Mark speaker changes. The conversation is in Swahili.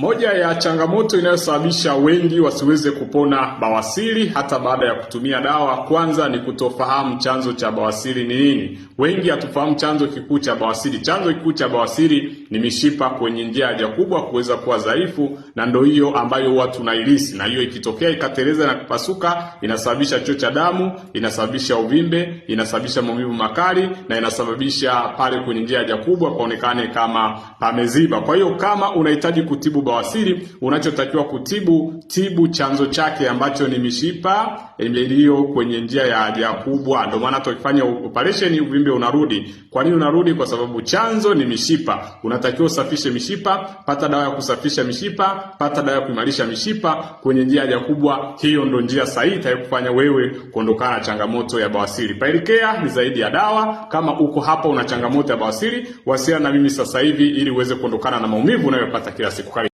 Speaker 1: Moja ya changamoto inayosababisha wengi wasiweze kupona bawasiri hata baada ya kutumia dawa, kwanza ni kutofahamu chanzo cha bawasiri ni nini. Wengi hatufahamu chanzo kikuu cha bawasiri. Chanzo kikuu cha bawasiri ni mishipa kwenye njia ya haja kubwa kuweza kuwa dhaifu, na ndio hiyo ambayo huwa tunailisi, na hiyo ikitokea ikateleza na kupasuka, inasababisha choo cha damu, inasababisha uvimbe, inasababisha maumivu makali, na inasababisha pale kwenye njia ya haja kubwa paonekane kama pameziba. Kwa hiyo kama unahitaji kutibu bawasiri, unachotakiwa kutibu, tibu chanzo chake ambacho ni mishipa eh, iliyo kwenye njia ya haja kubwa. Ndio maana hata ukifanya operation uvimbe unarudi. Kwa nini unarudi? Kwa sababu chanzo ni mishipa. Unatakiwa usafishe mishipa, pata dawa ya kusafisha mishipa, pata dawa ya kuimarisha mishipa kwenye njia ya haja kubwa. Hiyo ndio njia sahihi itakufanya wewe kuondokana na changamoto ya bawasiri. Pelvic ni zaidi ya dawa. Kama uko hapa una changamoto ya bawasiri, wasiliana na mimi sasa hivi ili uweze kuondokana na maumivu unayopata kila siku.